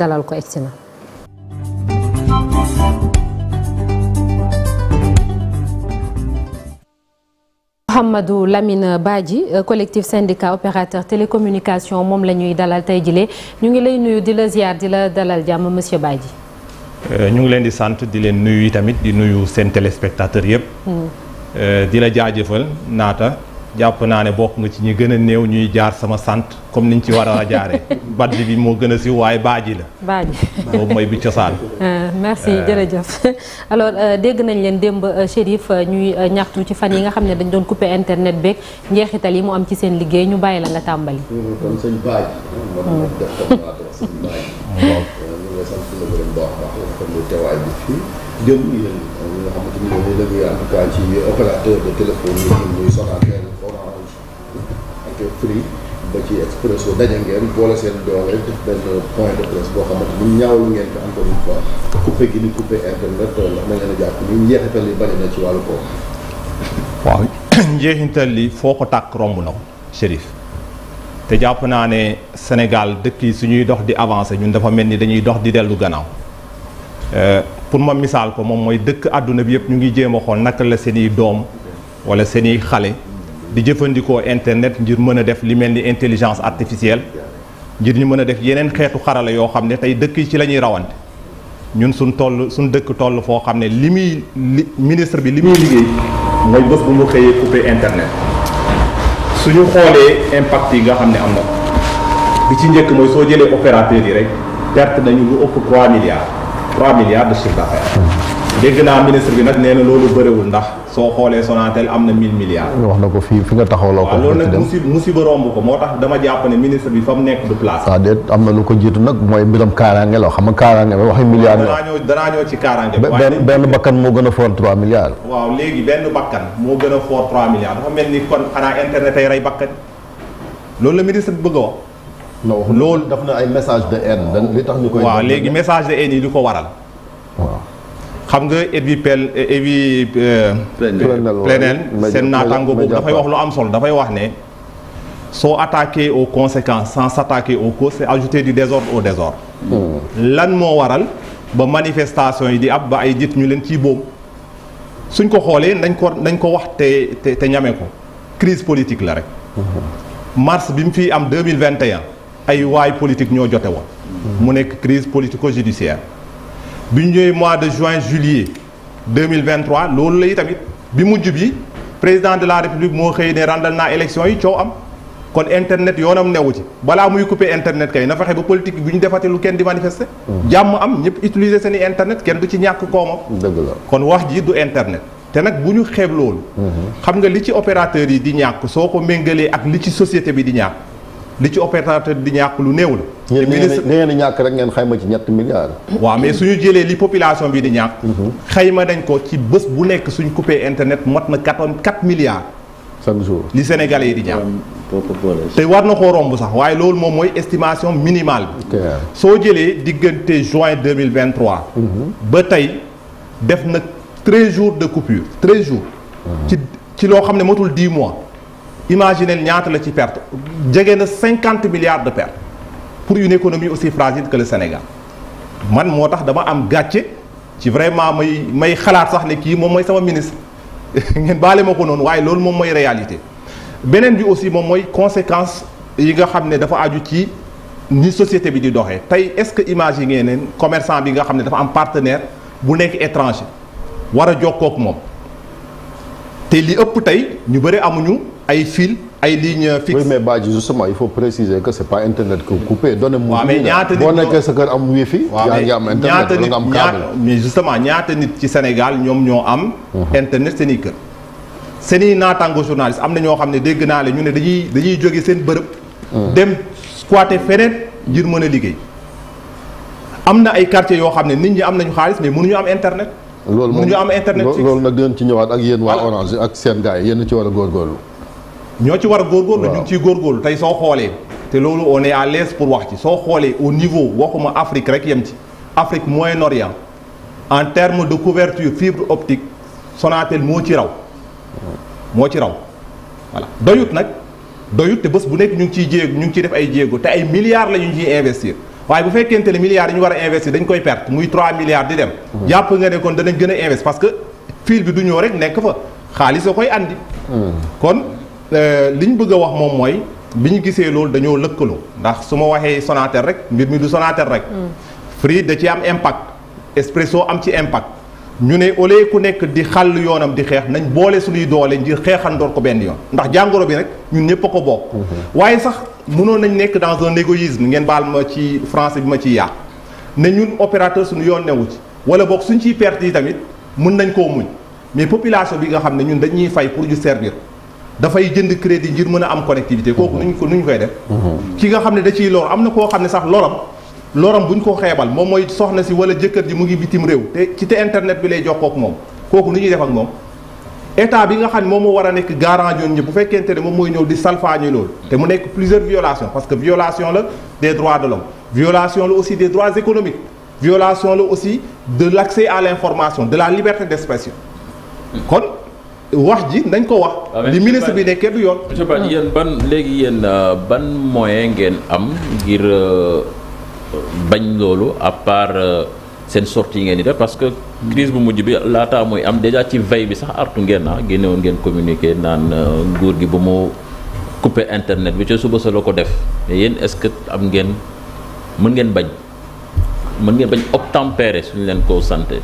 dalal ko egsi na Mouhamadou Lamine Badji collectif syndicat opérateur télécommunication moom la ñuy dalal tey jile ñu ngi lay nuyu di la ziar di la dalal jàmm monsieur Badji. Euh, ñu ngi leen di sant di leen nuyu tamit di nuyu seen téléspectateur yëpp. Hmm. Euh, di la jaajëfal naata. jàpp naa ne bokk nga ci ñi gën a néew ñuy jaar sama sant comme ñu ci war a jaaree baddi bi moo gën a si waaye baaji la baaji boobu mooy bi cosaan ah, merci euh. jërëjëf alors euh, dégg nañ leen démb euh, Chérif ñuy ñaxtu ci fan yi nga xam ne dañ doon coupé internet beeg njeexital yi mu am ci seen liggéey ñu bàyyi la nga tàmbali kon sëñ baaji sant na borom baax a baax xam ne teewaay bi fii ci de téléphone yi muy Sonatel ak Free ci Expresso daje ngeen boole seen doole benn point de presse boo xamante ni ñaawlu ngeen ko encore une fois coupé gi ni coupé internet ndax na a jàpp ni njeexital yi bari na ci wàllu kooku. waaw njeexital li foo ko tàkk romb na ko Chérif. te jàpp naa ne Sénégal dëkk yi suñuy dox di avancer ñun dafa mel ni dañuy dox di dellu gannaaw euh, pour ma misaal ko moom mooy dëkk àdduna bi yëpp ñu ngi jéem a xool naka la seeni doom wala seeni xale di jëfandikoo internet njir mën a def li mel ni intelligence artificielle ngir ñu mën a def yeneen xeetu xarala yoo xam ne tey dëkk yi ci la ñuy rawante ñun suñ toll suñ dëkk toll foo xam ne li muy li ministre bi li muy liggéey mooy bés bu mu xëyee coupé suñu xoolee impact yi nga xam ne am na bi ci njëkk mooy soo jëlee opérateur yi rek perte nañu lu ëpp 3 milliards 3 milliards de chiffre d'affaires hmm. dégg naa ministre bi nag nee na loolu bëriwul ndax soo xoolee Sonatel am na 1000 milliards. wax ko fii fi nga taxawloo ko. waaw loolu nag musiba musiba romb ko moo tax dama jàpp ne ministre bi fa mu nekk du place. ah déet am na lu ko jiitu nag mooy mbiram kaaraange la xam nga kaaraange ba benn benn bakkan moo gën a fort 3 milliards. waaw léegi benn bakkan moo gën a fort 3 milliards dafa mel ni kon xanaa internet ay rey bakkan loolu la ministre bi bëgg a wax. loolu daf na ay message de haine. li tax ñu koy. waaw léegi message de haine yi lu ko waral. xam nga Edwy Pel Edwy Plenel euh, seen naataango boobu dafay wax lu am sol dafay wax ne soo attaqué aux conséquences sans s'attaquer aux causes c'est ajouter du désordre au désordre hmm. lan moo waral ba manifestation yi di ab ba ay nit ñu leen ciy boobu suñ ko xoolee nañ ko nañ ko wax te te te ñame ko crise politique la rek hmm. mars bi mu fi am 2021 ay waay politique ñoo jote woon hmm. mu nekk crise politico-judiciaire bi ñu ñëwee mois de juin juillet 2023 loolu lay tamit bi mujj bi président de la république moo xëy ne randal naa élection yi coow am kon internet yoonam newu ci balaa muy couper internet kay na fexe ba politique bi ñu defate lu kenn di manifester. Mm. jàmm am ñëpp utiliser seen i internet kenn du ci ñàkk koomam. dëgg la kon wax ji du internet. te nag bu ñu xeeb loolu. Mm-hmm. xam nga li ci opérateur yi di ñàkk soo ko méngalee ak li ci société bi di ñàkk. li ci opérateur di ñàkk lu néew la. ministre ngeen ñàkk rek ngeen xayma ci ñett milliards. waaw mais suñu jëlee li population bi di ñàkk. Mhm. xayma dañ ko ci bés bu nekk suñu coupé internet mat na quatre milliards. chaque jour li sénégal yi di ñàkk. te war na koo romb sax waaye loolu moom mooy estimation minimale bi. soo jëlee diggante juin deux mille vingt mhm. ba tey def nag treize jours de coupure. treize jours. Mhm. ci ci loo xam ne matul dix mois. imaginez ñaata la ci perte jege na cinquante de pertes pour une économie aussi fragile que le Sénégal man moo tax dama am gàcce ci vraiment may may xalaat sax ne kii moom mooy sama ministre ngeen baale ma ko noonu waaye loolu moom mooy réalité beneen bi aussi moom mooy conséquence yi nga xam ne dafa aju ci ni société bi di doxee tey est-ce que imaginer ngeen commerçant bi nga xam ne dafa am partenaire bu nekk étranger war a jokkoo ak moom te li ëpp tey ñu bëri amuñu. ay fil ay lignes fixes. oui mais Badji justement il faut préciser que c'est pas internet que coupé. donné mu mais ñaata nit boo nekkee sa kër am wifi. yaa ngi am nit ci Sénégal ñoom ñoo am. Uh-huh. internet seen i kër. seen i naataango journaliste am na ñoo xam ne dégg naa la ñu ne dañuy dañuy jóge seen bërëb. Uh-huh. dem squatter feneen ngir mën a liggéey. am na ay quartiers yoo xam ne nit ñi am nañu xaalis mais mënuñu am internet. loolu moom ñu am internet loolu nag dinañ ci ñëwaat ak yéen waa ah. Orange ak seen gars yi yéen ci war a góorgóorlu. ñoo ci war a góorgóorlu ñu ngi ciy góorgóorlu tey soo xoolee te loolu on est à pour wax ci soo xoolee au niveau waxuma Afrique rek yem ci Afrique Moyen-Orient en terme de couverture fibre optique Sonatel moo ci raw moo ci raw voilà doyut nag doyut te bés bu nekk ñu ngi ciy jéeg ñu ngi ci def ay jéego te ay milliards la ñu ciy investir waaye bu fekkente ne milliards yi ñu war a investir dañ koy perte muy 3 milliards di dem hmm. jàpp nga ne kon danañ gën a investir parce que fil bi du ñëw rek nekk fa xaalis koy andi hmm. Euh, li ñu bëgg a wax moom mooy bi ñu gisee loolu dañoo lëkkaloo ndax su ma waxee Sonatel rek mbir mi du Sonatel rek. Hmm. Free da ci am impact. Expresso am ci impact. ñu ne ole ku nekk di xàll yoonam di xeex nañ boole suñuy doole ngir xeexandoor ko benn yoon ndax jàngoro bi nag ñun ñëpp a ko bokk. Hmm. waaye sax mënoon nañ nekk dans un égoïsme ngeen baal ma ci français bi ma ciy yàq ne ñun opérateur suñu yoon newu ci wala boog suñ ciy perte yi tamit mun nañ koo muñ mais population bi nga xam ne ñun dañuy fay pour ñu servir. dafay jënd crédit ngir mën a am connectivité kooku nuñ ko nuñ koy def mhm. ki nga xam ne da ciy lor am na koo xam ne sax loram loram buñ ko xeebal moom mooy soxna si wala jëkkër ji mu ngi bitim réew te ci te internet bi lay jox kook moom kooku nu ñuy def ak moom état bi nga xam ne moom moo war a nekk garant ñoon ñi bu fekkente ne moom mooy ñëw di salfaañi loolu te mu nekk plusieurs violations parce que violation la des droits de l'homme violation la aussi des droits économiques violation la aussi de l'accès à l'information de la liberté d'expression kon wax ji nañ ko wax. Ah, li ministre bi nekkee du yoon. monsieur Badji ah. yéen ban léegi yéen euh, ban moyen ngeen am ngir euh, bañ loolu à part euh, seen sortie ngeen di def parce que. crise bu mujj bi laataa mooy am déjà ci veille bi sax artu ngeen ah génnewoon ngeen communiqué naan nguur gi ba mu coupé internet bi ca suba sa la ko def mais yéen est-ce que am ngeen mën ngeen bañ mën ngeen bañ obtempérer suñ leen ko santé.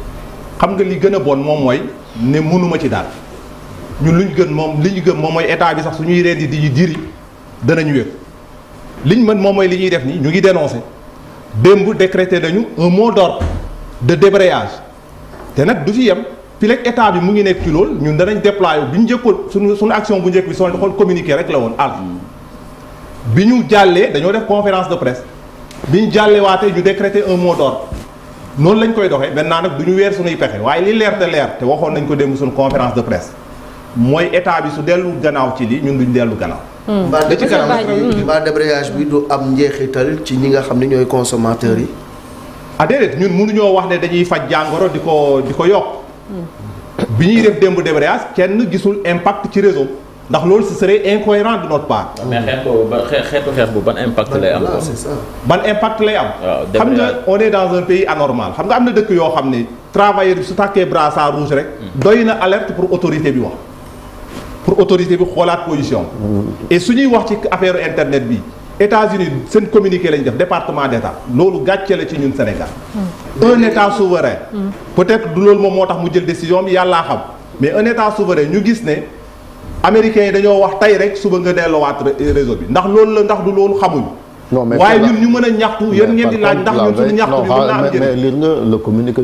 xam nga li gën a bon moom mooy ne mënuma ci daal. ñun lu ñu gën moom li ñu gën moom mooy état bi sax suñuy reen yi di ñu diri danañu wér liñ mën moom mooy li ñuy def nii ñu ngi dénoncé démb decrété dañu un mot d'ordre de débrayage te nag du fi yem fii rek bi mu ngi nekk ci loolu ñun danañ déployer bi ñu njëkkoon suñu suñu action bu njëkk bi soo xool communiqué rek la woon al bi ñu jàllee dañoo def conférence de presse bi ñu jàllee waatee ñu décrété un mot d'ordre noonu lañ koy doxee maintenant nag du ñu weer suñuy pexe waaye li leer te waxoon nañ ko démb suñu conférence de presse mooy état bi su dellu gannaaw ci li ñun duñ dellu gannaaw. da ci kanam mbaa débrayage bi du am njeexital ci ñi nga xam ne ñooy consommateurs yi. ah déedéet ñun mënuñoo wax ne dañuy faj jàngoro di ko di ko yokk. Hmm. bi ñuy def démb débrayage kenn gisul impact ci réseau ndax loolu ce serait incohérent de notre part. Ah, mais xeetu ba xeetu xeex bu ban impact lay am. Ah, ban impact lay am. Ah, xam nga on est dans un pays anormal xam nga am na dëkk yoo xam ne travailleur bi su tàkkee brassard rouge rek. Hmm. doy na alerte pour autorité bi wax. pour autorité bi xoolaat position et su ñuy wax ci affaire internet bi états uni seen communiqué lañ def département d'État loolu gàcce la ci ñun Sénégal mm. un État souverain mm. peut-être du loolu moom moo tax mu jël décision bi yàllaa xam mais un État souverain ñu gis ne américains yi dañoo wax tey rek suba nga delluwaat euh, réseau bi ndax loolu la ndax du loolu xamuñu non mais waaye ñun ñu mën a ñaxtu yéen ngeen di laaj ndax ñun suñu ñaxtu bi mën naa am njëriñ mais lire nga le communiqué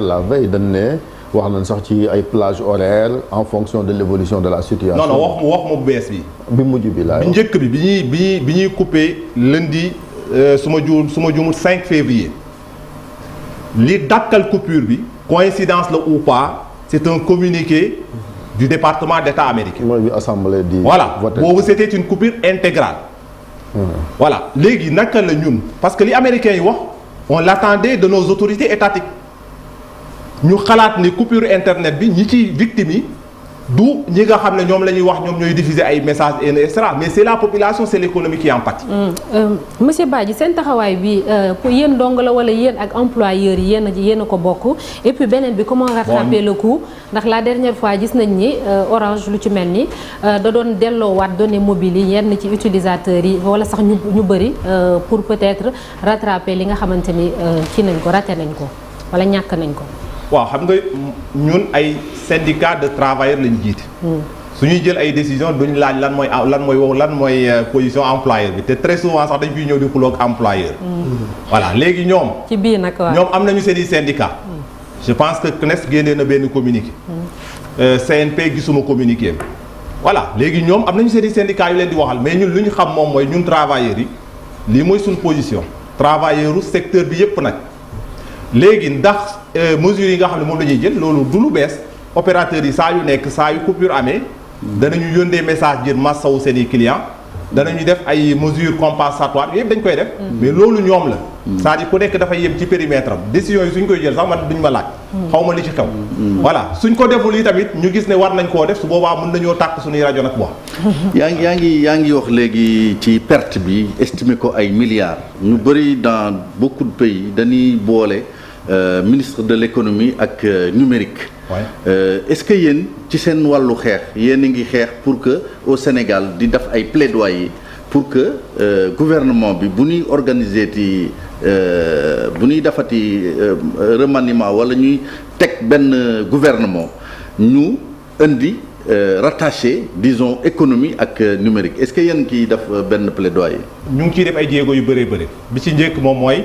la veille dañ wax nañ sax ci ay plage horaire en fonction de l'évolution de la situation. non non wax wax mu bees bi. bi mujj bi laay bi njëkk bi bi ñuy bi ñuy bi ñuy coupé lundi euh, su ma juum su ma juumul 5 février li dàkkal coupure bi coïncidence la ou pas c'est un communiqué du département d'État américain. mooy bi assemblée di. voilà boobu c'était une coupure intégrale. Hmm. voilà léegi naka la ñun parce que li américains yi wax on l'attendait de nos autorités étatiques. ñu xalaat ni coupure internet bi ñi ci victime yi du ñi nga xam ne ñoom la ñuy wax ñoom ñooy diffuser ay messages et cetera mais c'est la population c'est l'économie qui en pâtit. Mm. Euh, monsieur ji seen taxawaay bi euh, yéen dong la wala yéen ak employeurs yi yéen a yéen a ko bokk et puis beneen bi comment rattraper le coup ndax la dernière fois gis nañ ni euh, orange lu ci mel ni da doon delloo delloowaat données mobiles yi yenn ci utilisateurs yi wala sax ñu ñu bëri pour peut-être rattraper li nga xamante ni kii nañ ko raté nañ ko wala ñàkk nañ ko. waaw xam nga ñun ay syndicat de travailleurs lañu jiite. Hmm. su ñuy jël ay décision duñ laaj lan mooy lan mooy wow lan mooy euh, position employeur bi te très souvent sax dañ fiy ñëw di xuloo ak employeur. Hmm. voilà léegi ñoom. ci biir nag ñoom am nañu seen i syndicat. Hmm. je pense que CNES génnee na benn communiqué. Euh, CNP gisuma communiqué voilà léegi ñoom am nañu seen i syndicat yu leen di waxal mais ñun lu ñu xam moom mooy ñun travailleurs yi lii mooy suñu position travailleur secteur bi yëpp nag. léegi ndax euh, mesures yi nga xam ne moom la ñuy jël loolu du lu bees opérateurs yi saa yu nekk saa yu coupure amee. danañu yónnee message ngir massawu seen i clients. danañu def ay mesures compensatoires yëpp dañ koy def. Mm. mais loolu ñoom la. Mm. cest à ku nekk dafay yem ci périmètre am décision yi suñ koy jël sax man duñ ma laaj. Mm. xaw ma li ci xew. voilà suñ ko deful yi tamit ñu gis ne war nañ koo def su boobaa mën nañoo tàkk suñuy rajo nag wax. yaa ngi yaa ngi yaa ngi wax léegi ci perte bi estimé ko ay milliards. ñu bëri dans beaucoup de dañuy boole. Euh, ministre de l'économie ak euh, numérique. Euh, est-ce que yéen ci seen wàllu xeex yéen a ngi xeex pour que au Sénégal di def ay plaidoyer pour que gouvernement bi bu ñuy organiser ti bu ñuy defati remaniment wala ñuy teg benn gouvernement ñu indi rattaché disons économie ak numérique est-ce que yéen kii def benn plaidoyer. ñu ngi ciy dem ay jéego yu bëree bëri bi ci njëkk moom mooy.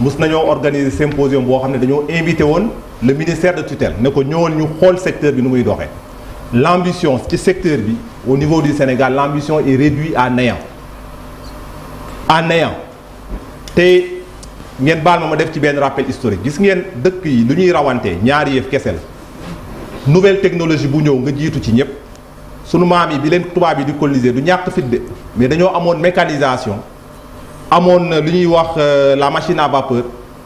mus nañoo organiser symposium boo xam ne dañoo invité woon le ministère de tutelle ne ko ñëwoon ñu xool secteur bi nu muy doxee l' ambition ci secteur bi au niveau du Sénégal l' ambition est réduite à néant à néant te ngeen baal ma ma def ci benn rappel historique gis ngeen dëkk yi lu ñuy rawante ñaari yëf kese la nouvelle technologie bu ñëw nga jiitu ci ñëpp sunu maam yi bi leen tubaab yi di coloniser du ñàkk fit de mais dañoo amoon mécanisation amoon lu ñuy wax euh, la machine à vapeur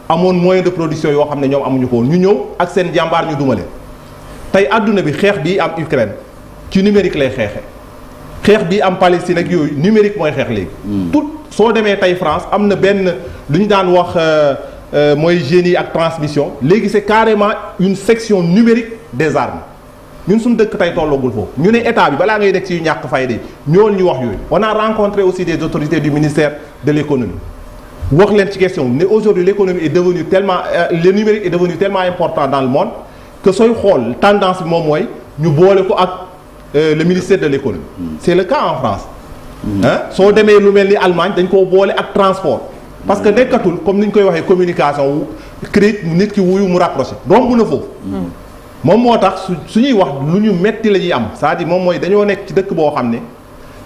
amoon moyen de production yoo xam ne ñoom amuñu ko ñu ñëw ak seen jàmbaar ñu dumale tey àdduna bi xeex bii am Ukraine ci numérique lay xeexe xeex bii am Palestine ak yooyu numérique mooy xeex léegi. Hmm. tout soo demee tey France am na benn lu ñu daan wax euh, euh, mooy génie ak transmission léegi c'est carrément une section numérique des armes ñun suñu dëkk tey tollagul foofu ñu ne état bi balaa ngay nekk ci yu ñàkk fayda ñool ñu wax yooyu on a rencontré des autorités du ministère. de l'économie wax leen ci question mais aujourd'hui l'économie est devenue tellement euh, le numérique est devenu tellement important dans le monde que sooy xool tendance bi moom mooy ñu boole ko ak euh, le ministère de l'économie mm. c'est le cas en France mm. soo demee lu mel ni Allemagne dañ koo boole ak transport parce que mm. nekkatul comme ni ñu koy waxee communication wu crédit nit ki wuyu mu rapproché romb na foofu moom moo tax su suñuy wax lu ñu metti la ñuy am cest à moom mooy dañoo nekk ci dëkk boo xam ne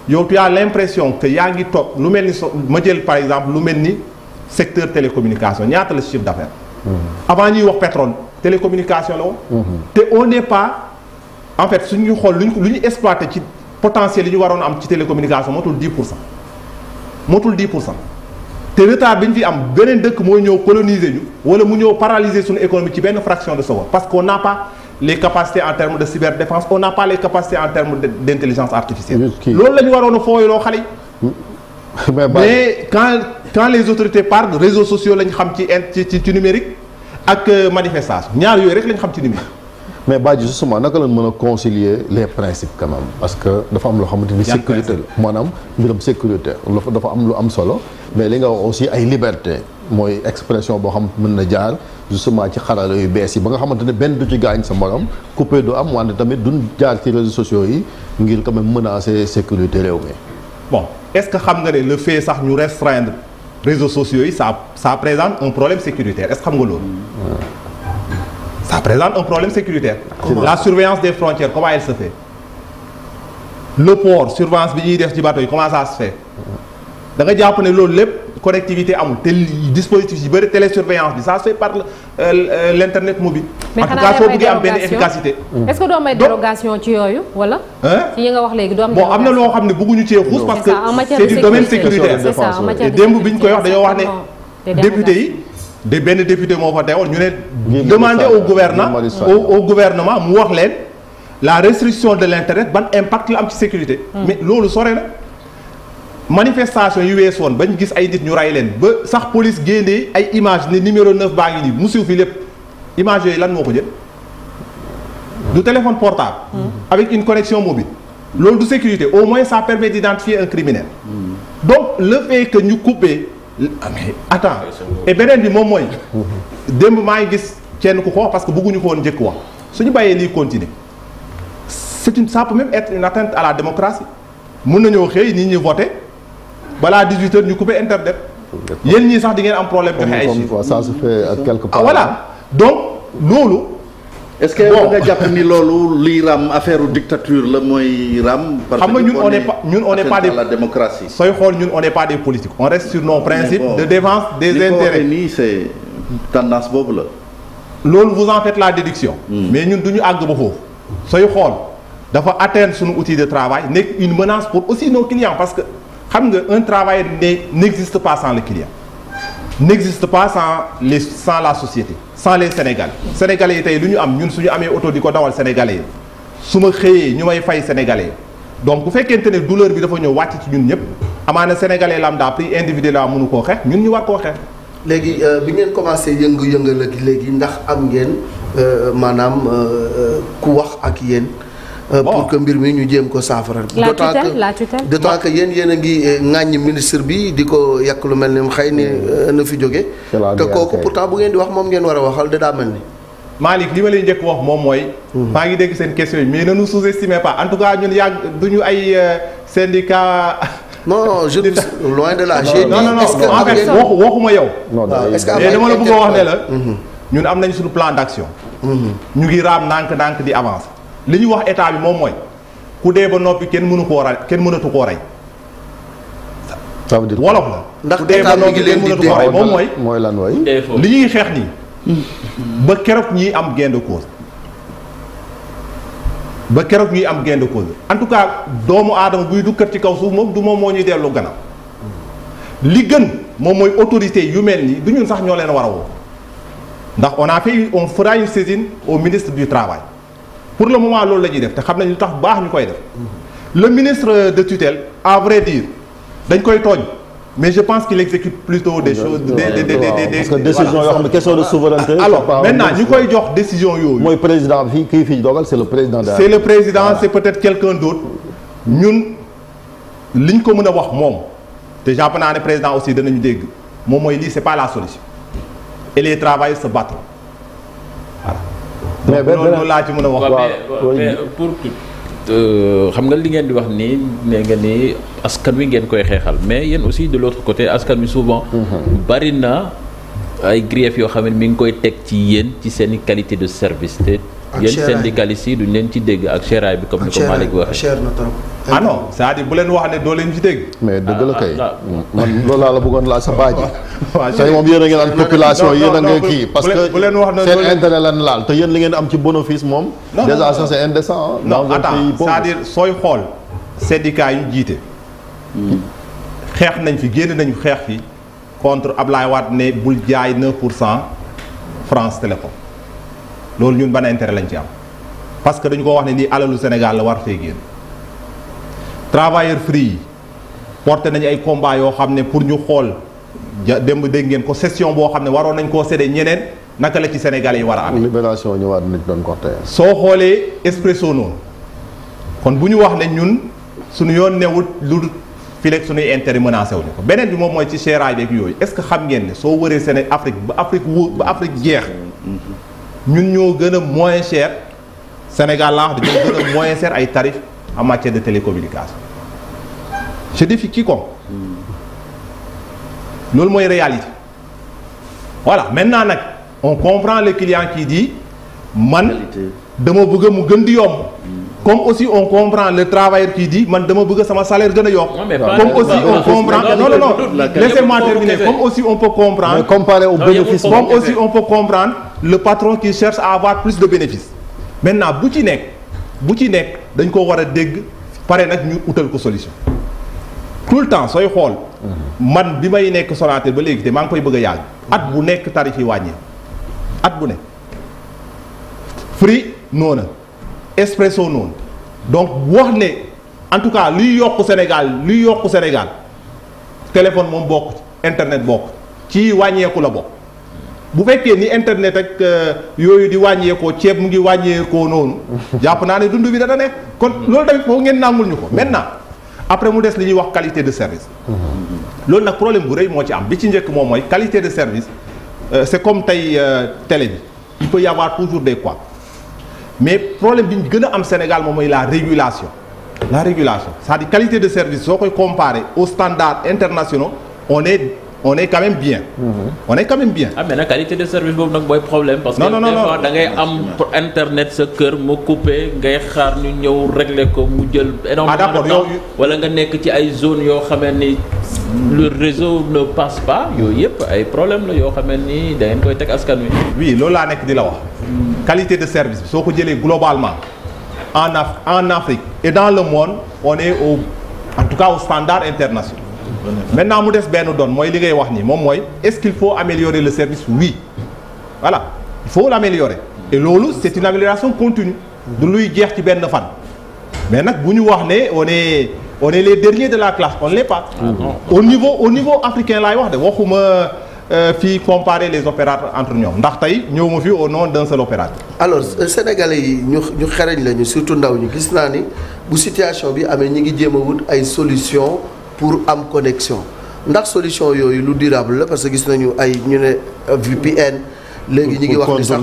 yow tu as l'impression que yaa ngi toog lu mel ni so ma jël par exemple lu mel ni secteur télécommunication ñaata la si chiffre d'affaires mm-hmm. avant ñuy wax pétrole télécommunication la woon mm-hmm. te on n'est pas en fait ñu xool luñ lu ñu exploité ci potentiel yi ñu waroon am ci télécommunication mootul 10 pour cent mootul 10 pour cent te retard bi ñu fi am beneen dëkk moo ñëw coloniser ñu wala mu ñëw paralyser suñu économie ci benn fraction de seconde parce qu'on n'a les capacités en termes de cyberdéfense on n'a pas les capacités en termes d'intelligence artificielle loolu la ñu waroon a fooyaloo xale yi mais quand quand les autorités parlent réseaux sociaux la ñu xam ci ci ci numérique ak euh, manifestation ñaar yooyu rek la ñu xam ci numérique mais Badji justement naka lañ mën a concilier les principes quand parce que dafa am loo xamante ni sécurité la maanaam mbiram sécurité dafa am lu am solo mais li nga wax aussi ay liberté mooy expression boo xam mën na jaar justement ci xarala yu bees yi ba nga xamante ne benn du ci gaañ sa morom coupé du am wante tamit du jaar ci réseaux sociaux yi ngir mën a menacer sécurité réew mi bon est-ce que xam nga ne le fait sax ñu restreindre réseaux sociaux yi ça ça présente un problème sécuritaire est xam nga loolu hmm. ça présente un problème sécuritaire. Comment? la surveillance des frontières comment elle se fait le surveillance bi ñuy def ci bateau yi comment ça se fait da jàpp ne loolu lépp connectivité amul te dispositif yi bëri télésurveillance bi ça se fait par l' euh, euh, mobile. en tout soo bëggee am benn efficacité. est ce que doo may dérogation ci loo xam ne bëgguñu cee xuus parce que c' est du domaine sécuritaire. démb bi ñu koy wax dañoo wax ne député yi. de benn député moo fa teewoon ñu ne. demander au gouvernement au gouvernement mu wax leen la restriction de l'internet ban impact la am ci sécurité. Hmm. mais loolu sore na. manifestation yu wees woon bañ gis ay dit ñu rey leen ba sax police génnee ay image ni numéro 9 baa ngi nii mu siw fi lépp image yooyu lan moo ko jël du téléphone portable hmm. avec une connexion mobile loolu du sécurité au moins ça permet d'identifier un criminel hmm. donc le fait que ñu couper mais attends et beneen bi moom mooy démb maa ngi gis kenn ku ko wax parce que bëgguñu ko woon njëkk wax suñu bàyyee lii continuer c'est une ça peut même être une à la démocratie mun nañoo xëy nit ñi voté balaa 18 heures ñu coupé internet yéen ñii sax di ngeen am problème joxe ay chiffres ça se fait quelque part ah voilà donc loolu est-ce que nga jàpp ni loolu liy raam affaire dictature la mooy raam. parce xam nga ñun on est pas ñun on est pas des la démocratie. sooy xool ñun on est pas des politiques on reste sur nos principes de défense des intérêts boobu la. loolu vous en faites la déduction. Hmm. mais ñun du ñu àgg ba foofu. sooy xool dafa atteindre suñu outil de travail nekk une menace pour aussi nos clients parce que xam nga un travail ne n'existe pas sans le client n'existe pas sans les sans la société. sans les Sénégal sénégalais yi tey lu ñu am ñun suñu amee oto di ko dawal sénégalais su ma xëyee ñu may fay sénégalais donc bu fekkente ne douleur bi dafa ñëw wàcc ci ñun ñëpp amaana sénégalais lambda prix individuel la mënu koo xeex ñun ñu war koo xeex. léegi euh, bi ngeen commencé yëngu-yëngal léegi ndax am ngeen euh, maanaam euh, ku wax ak yéen. Euh, pour que mbir mi ñu jéem ko saafara. la tutelle la tutelle de tant que yéen yéen a ngi euh, ŋàññi ministre bi di ko yakk lu mel ni xay ni euh, na fi jóge te kooku pourtant bu ngeen di wax moom ngeen war a waxal da daa mel ni. Malick li ma leen njëkk wax moom mooy. Mhm. maa ngi dégg seen question yi mais ne nous sous-estimez pas en tout cas ñun yàgg duñu ay syndicat. non non je loin de là. non non non est-ce que yow. non est que am dama la mhm. nañ suñu plan d'action. Mhm. ñu ngi raam ndànk ndànk di avancer. li ñuy wax état bi moom mooy ku dee ba noppi kenn mënu koo ray kenn mënatu koo rey. ça veut dire wolof la. ndax état bi ngi leen di rey moom mooy. mooy lan waay li ñuy xeex nii. Hmm. ba keroog ñiy am gain cause. ba keroog ñuy am gain de cause en tout cas doomu aadama buy dukkat ci kaw suuf moom du moom moo ñuy dellu gannaaw li gën moom mooy autorité yu mel nii du ñun sax ñoo leen war a woo ndax on a fait on fera une saisine au ministre du travail. pour le moment loolu la ñuy def te xam nañ lu tax baax ñu koy def le ministre de tutelle à vrai dire dañ koy tooñ mais je pense qu'il exécute plutôt des choses des des des des parce que décision yoo xam ne question de souveraineté. alors maintenant ñu koy jox décision yooyu. mooy président fii kii fii dogal c'est le président. de c'est le président c'est peut-être quelqu'un d'autre ñun liñ ko mën a wax moom te jàpp naa ne président aussi danañu dégg moom mooy lii c'est pas la solution et les travailleurs se battent voilà. mais loolu laa ci mën a wax. mais pour euh, xam nga li ngeen di wax nii nee nga ni askan wi ngeen koy xeexal mais yéen aussi de l' côté askan wi souvent. Mhm. bari na ay grief yoo xam ne mi ngi koy teg ci yéen ci seen i qualité de service te yéen syndicalistes yi duñ leen ci dégg ak séeraay bi comme ni ko Malick waxee. cher na trop. ah leen wax ne doo leen ci dégg. mais dëgg la kay ah, ah, ah. man loolu laa la bëggoon laa sa baaji. waaw tey moom yéen a ngi que seen intérêt lan laal te yéen li ngeen am ci bénéfice moom. déjà ça c'est indécent. non attends cest à sooy xool syndicat jiite. xeex nañ fi génn nañu xeex fi contre Ablaye Wade ne bul jaay 9 pour cent France Télécom. loolu ñun ban intere lañ ci am parce que dañu ko wax ne lii alalu Sénégal la war fee génn travailleur free yi porté nañu ay combat yoo xam ne pour ñu xool ja démb dégg ngeen ko session boo xam ne waroon nañ koo séddee ñeneen naka la ci Sénégal yi war a am. libération ñëwaat nañ doon ko soo xoolee Expresso noonu kon bu ñu wax ne ñun suñu yoon newut lu fileeg suñuy intérêt menacé wuñu ko beneen bi moom mooy ci séeraay beeg yooyu est-ce que xam ngeen ne soo waree Sénégal Afrique ba Afrique jeex. ñun ñoo gën a moins cher Sénégal laa wax dañoo gën a moins cher ay tarifs en matière de télécommunication je défie quiconque loolu mooy réalité voilà maintenant nag on comprend le client qui dit man dama bëgg mu gën di yomb comme aussi on comprend le travailleur qui dit man dama bëgg sama salaire gën a yokk. comme aussi on comprend non non non laissez-moi terminer comme aussi on peut comprendre. le patron qui cherche à avoir plus de bénéfices maintenant bu ci nekk bu ci nekk dañ ko war a dégg pare nag ñu utal ko solution tout le temps sooy xool man bi may nekk Sonatel ba léegi te maa ngi koy bëgg a yàgg at bu nekk tarif yi wàññee at bu nekk Free noona Expresso noon donc wax ne en tout cas luy yokk Sénégal luy yokk Sénégal téléphone moom bokk internet bokk ci wàññeeku la bokk bu fekkee ni internet ak euh, yooyu di wàññeekoo ceeb mu ngi wàññeekoo noonu. jàpp naa ne dund bi dana ne kon loolu tamit foofu ngeen nangul ñu ko maintenant après mu des li ñuy wax qualité de service. loolu nag problème bu rëy moo ci am bi ci njëkk moom mooy qualité de service euh, c'est comme tey euh, tele bi il peut y toujours des quoi mais problème bi ñu gën a am Sénégal moom mooy la régulation. la régulation c'est-à-dire qualité de service soo koy comparer au standards internationaux on on est bien. Mhm. on est quand même bien. ah mais nag qualité de service boobu nag mooy problème. parce que des fois am internet sa kër mu coupé ngay xaar ñu ñëw régler ko mu jël. énormément ah d'accord wala nga nekk ci ay zone yoo xamee ni hmm. le réseau ne passe yooyu yëpp ay problème la yoo xamee ni da koy teg askan wi. oui loolu laa nekk di la wax. Hmm. qualité de service soo ko jëlee globalement en Af en Afrique et dans le monde on est au en tout cas au standard international. maintenant mu des benn doon mooy li ngay wax nii moom mooy est-ce qu'il faut améliorer le service oui voilà il faut l'améliorer te loolu c'est na amélioration continue du luy jeex ci benn fan mais nag bu ñu wax ne on est les derniers de la classe on l'est ah au niveau au niveau africain laay wax de waxuma euh, fii comparer les opérateurs entre ñoom ndax tey ñëw ma fi au nom d'un seul alors euh, sénégalais yi ñu ñu xereñ lañu surtout ndaw ñu gis naa ni bu situation bi amee ñu ngi jéem a wut ay solution pour am connexion ndax solution yooyu lu durable la parce que gis nañu ay ñu ne euh, VPN. léegi ñu ngi wax ni sax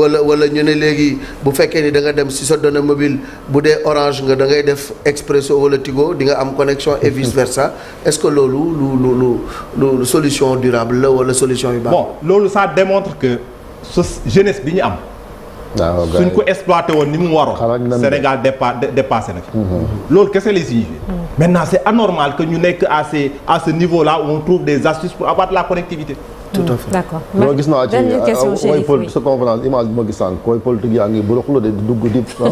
wala wala ñu ne léegi bu fekkee ni da nga dem si sa données mobile bu dee orange nga da ngay def expresso wala tigo di nga am connexion et vice versa est-ce que loolu lu lu lu lu solution durable la wala solution yu baax. bon loolu ça démontre que jeunesse bi ñu am. Ah, suñ ko exploité woon ni mu waroon Sénégal dépa dépassé na fi loolu kese lay signifié maintenant c'est anormal que ñu nekk à ces à ce niveau là on trouve des astuces pour avoir de la connectivité tout loolu mm. gis naa ci euh, way politique sa conférence image bi ma gis sànq koy politique yaa ngi buruxlu de dugg di ah.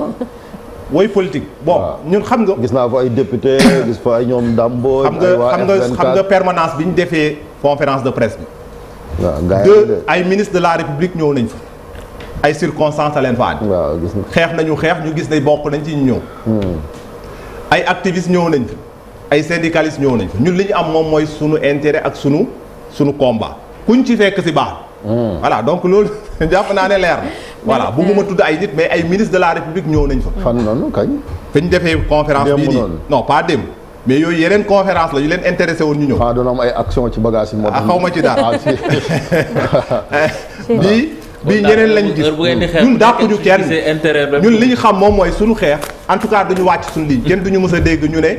woy politique bon ah. ñun xam nga. gis naa fa ay député gis fa ay ñoom Dambo. xam nga xam nga xam nga permanence bi ñu defee conférence de presse bi. waaw ay ministre de la république ñëw nañ fa. ay circonstances a leen fa ànd. xeex nañu xeex ñu gis ne bokk nañ ci ñu ñëw. Hmm. ay activistes ñëw nañ fa ay syndicalistes ñëw nañ fa ñun li ñu am moom mooy sunu intérêt ak sunu sunu combat kuñ ci fekk si baax. Hmm. voilà donc loolu jàpp naa ne leer na. voilà hmm. bugguma tudd ay nit mais ay de la république ñëw nañ fa. fan noonu kañ. fi ñu defee conférence bii nii non pas démb. mais yooyu yeneen conférence lañu leen intéressé woon ñu ñëw. ah doon am ay action ci bagage yi. moo tax ah, xaw ma ci dara. bii ah, bii ñeneen lañ gis ñun dàquñu kenn ñun li ñu xam moom mooy suñu xeex en tout cas duñu wàcc suñu ligne kenn duñu mës a dégg ñu ne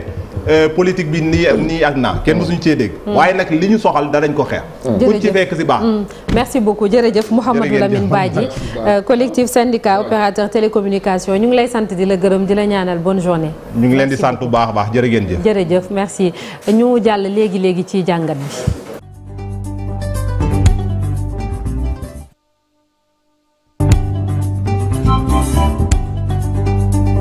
euh, politique bi nii nii ak naa kenn mësuñu cee dégg mm. waaye nag li ñu soxal danañ ko xeex buñ mm. ci fekk si baax mm. merci beaucoup jërëjëf Mouhamadou Lamine Badji euh, collectif syndicat opérateur télécommunication ñu ngi lay sant di la gërëm di la ñaanal bonne journée ñu ngi leen di sant bu baax a baax jërë ngeen jëf jërëjëf merci ñu jàll léegi léegi ci jàngat bi